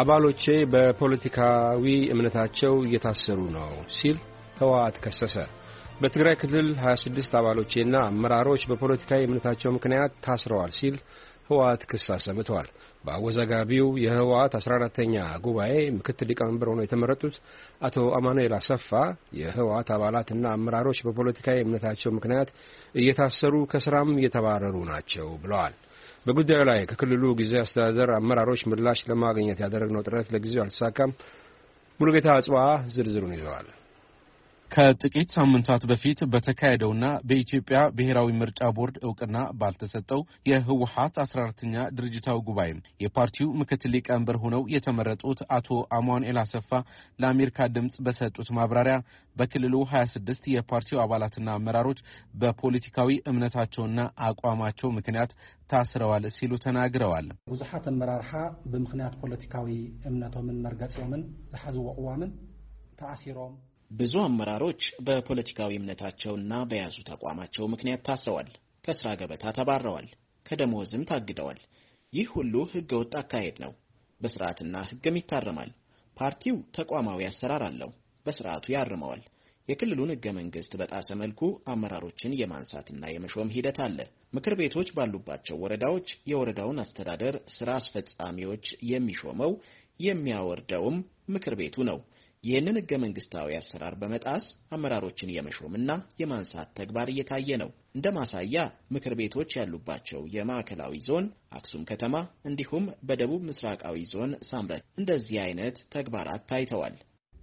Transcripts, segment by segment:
አባሎቼ በፖለቲካዊ እምነታቸው እየታሰሩ ነው ሲል ህወሓት ከሰሰ። በትግራይ ክልል 26 አባሎቼና አመራሮች በፖለቲካዊ እምነታቸው ምክንያት ታስረዋል ሲል ህወሓት ክስ አሰምተዋል። በአወዛጋቢው የህወሓት 14ተኛ ጉባኤ ምክትል ሊቀመንበር ሆነው የተመረጡት አቶ አማኑኤል አሰፋ የህወሓት አባላትና አመራሮች በፖለቲካዊ እምነታቸው ምክንያት እየታሰሩ ከስራም እየተባረሩ ናቸው ብለዋል። በጉዳዩ ላይ ከክልሉ ጊዜያዊ አስተዳደር አመራሮች ምላሽ ለማግኘት ያደረግነው ጥረት ለጊዜው አልተሳካም። ሙሉጌታ አጽባ ዝርዝሩን ይዘዋል። ከጥቂት ሳምንታት በፊት በተካሄደውና በኢትዮጵያ ብሔራዊ ምርጫ ቦርድ እውቅና ባልተሰጠው የህወሀት አስራ አራተኛ ድርጅታዊ ጉባኤም የፓርቲው ምክትል ሊቀመንበር ሆነው የተመረጡት አቶ አማኑኤል አሰፋ ለአሜሪካ ድምፅ በሰጡት ማብራሪያ በክልሉ 26 የፓርቲው አባላትና አመራሮች በፖለቲካዊ እምነታቸውና አቋማቸው ምክንያት ታስረዋል ሲሉ ተናግረዋል። ብዙሓት አመራርሓ ብምክንያት ፖለቲካዊ እምነቶምን መርገፂኦምን ዝሓዝዎ እዋምን ተአሲሮም ብዙ አመራሮች በፖለቲካዊ እምነታቸውና በያዙት አቋማቸው ምክንያት ታስረዋል፣ ከስራ ገበታ ተባረዋል፣ ከደሞዝም ታግደዋል። ይህ ሁሉ ህገ ወጥ አካሄድ ነው። በስርዓትና ህግም ይታረማል። ፓርቲው ተቋማዊ አሰራር አለው፣ በስርዓቱ ያርመዋል። የክልሉን ህገ መንግስት በጣሰ መልኩ አመራሮችን የማንሳትና የመሾም ሂደት አለ። ምክር ቤቶች ባሉባቸው ወረዳዎች የወረዳውን አስተዳደር ስራ አስፈጻሚዎች የሚሾመው የሚያወርደውም ምክር ቤቱ ነው። ይህንን ህገ መንግስታዊ አሰራር በመጣስ አመራሮችን የመሾምና የማንሳት ተግባር እየታየ ነው። እንደ ማሳያ ምክር ቤቶች ያሉባቸው የማዕከላዊ ዞን አክሱም ከተማ እንዲሁም በደቡብ ምስራቃዊ ዞን ሳምረት እንደዚህ አይነት ተግባራት ታይተዋል።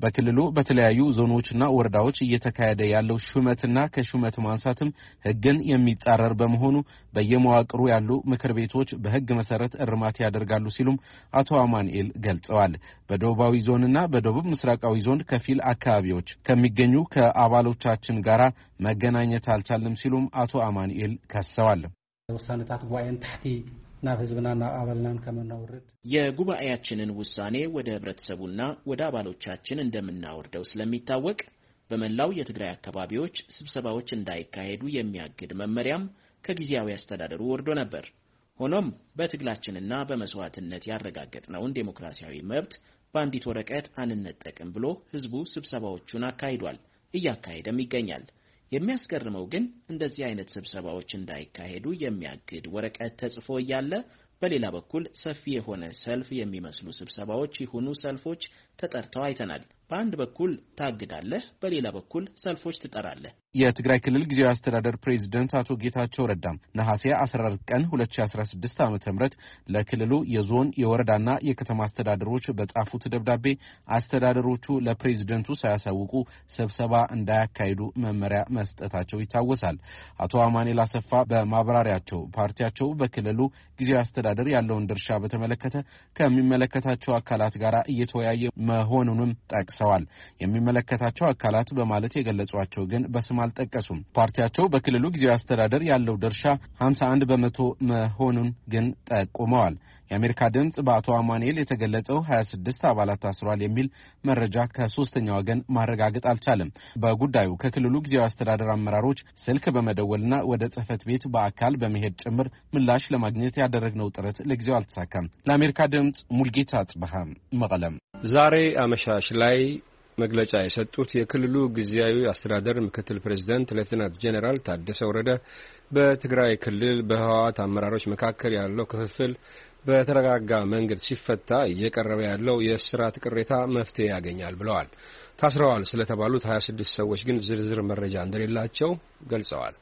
በክልሉ በተለያዩ ዞኖችና ወረዳዎች እየተካሄደ ያለው ሹመትና ከሹመት ማንሳትም ሕግን የሚጻረር በመሆኑ በየመዋቅሩ ያሉ ምክር ቤቶች በሕግ መሰረት እርማት ያደርጋሉ ሲሉም አቶ አማንኤል ገልጸዋል። በደቡባዊ ዞንና በደቡብ ምስራቃዊ ዞን ከፊል አካባቢዎች ከሚገኙ ከአባሎቻችን ጋራ መገናኘት አልቻልም ሲሉም አቶ አማንኤል ከሰዋል። ውሳኔታት ጉባኤን ታሕቲ ናብ ህዝብና ናብ አባልናን ከመናውርድ የጉባኤያችንን ውሳኔ ወደ ህብረተሰቡና ወደ አባሎቻችን እንደምናወርደው ስለሚታወቅ በመላው የትግራይ አካባቢዎች ስብሰባዎች እንዳይካሄዱ የሚያግድ መመሪያም ከጊዜያዊ አስተዳደሩ ወርዶ ነበር። ሆኖም በትግላችንና በመስዋዕትነት ያረጋገጥነውን ዴሞክራሲያዊ መብት በአንዲት ወረቀት አንነጠቅም ብሎ ህዝቡ ስብሰባዎቹን አካሂዷል፣ እያካሄደም ይገኛል። የሚያስገርመው ግን እንደዚህ አይነት ስብሰባዎች እንዳይካሄዱ የሚያግድ ወረቀት ተጽፎ እያለ በሌላ በኩል ሰፊ የሆነ ሰልፍ የሚመስሉ ስብሰባዎች ይሁኑ ሰልፎች ተጠርተው አይተናል። በአንድ በኩል ታግዳለህ፣ በሌላ በኩል ሰልፎች ትጠራለህ። የትግራይ ክልል ጊዜያዊ አስተዳደር ፕሬዚደንት አቶ ጌታቸው ረዳም ነሐሴ 14 ቀን 2016 ዓ ም ለክልሉ የዞን የወረዳና የከተማ አስተዳደሮች በጻፉት ደብዳቤ አስተዳደሮቹ ለፕሬዚደንቱ ሳያሳውቁ ስብሰባ እንዳያካሂዱ መመሪያ መስጠታቸው ይታወሳል። አቶ አማኔል አሰፋ በማብራሪያቸው ፓርቲያቸው በክልሉ ጊዜያዊ አስተዳደር ያለውን ድርሻ በተመለከተ ከሚመለከታቸው አካላት ጋር እየተወያየ መሆኑንም ጠቅሰ ጠቅሰዋል። የሚመለከታቸው አካላት በማለት የገለጿቸው ግን በስም አልጠቀሱም። ፓርቲያቸው በክልሉ ጊዜያዊ አስተዳደር ያለው ድርሻ 51 በመቶ መሆኑን ግን ጠቁመዋል። የአሜሪካ ድምፅ በአቶ አማኑኤል የተገለጸው 26 አባላት ታስሯል የሚል መረጃ ከሶስተኛ ወገን ማረጋገጥ አልቻለም። በጉዳዩ ከክልሉ ጊዜያዊ አስተዳደር አመራሮች ስልክ በመደወልና ወደ ጽህፈት ቤት በአካል በመሄድ ጭምር ምላሽ ለማግኘት ያደረግነው ጥረት ለጊዜው አልተሳካም። ለአሜሪካ ድምፅ ሙልጌታ አጽበሃ መቀለም ዛሬ አመሻሽ ላይ መግለጫ የሰጡት የክልሉ ጊዜያዊ አስተዳደር ምክትል ፕሬዚደንት ሌትናንት ጄኔራል ታደሰ ወረደ በትግራይ ክልል በህወሓት አመራሮች መካከል ያለው ክፍፍል በተረጋጋ መንገድ ሲፈታ እየቀረበ ያለው የእስራት ቅሬታ መፍትሄ ያገኛል ብለዋል። ታስረዋል ስለተባሉት 26 ሰዎች ግን ዝርዝር መረጃ እንደሌላቸው ገልጸዋል።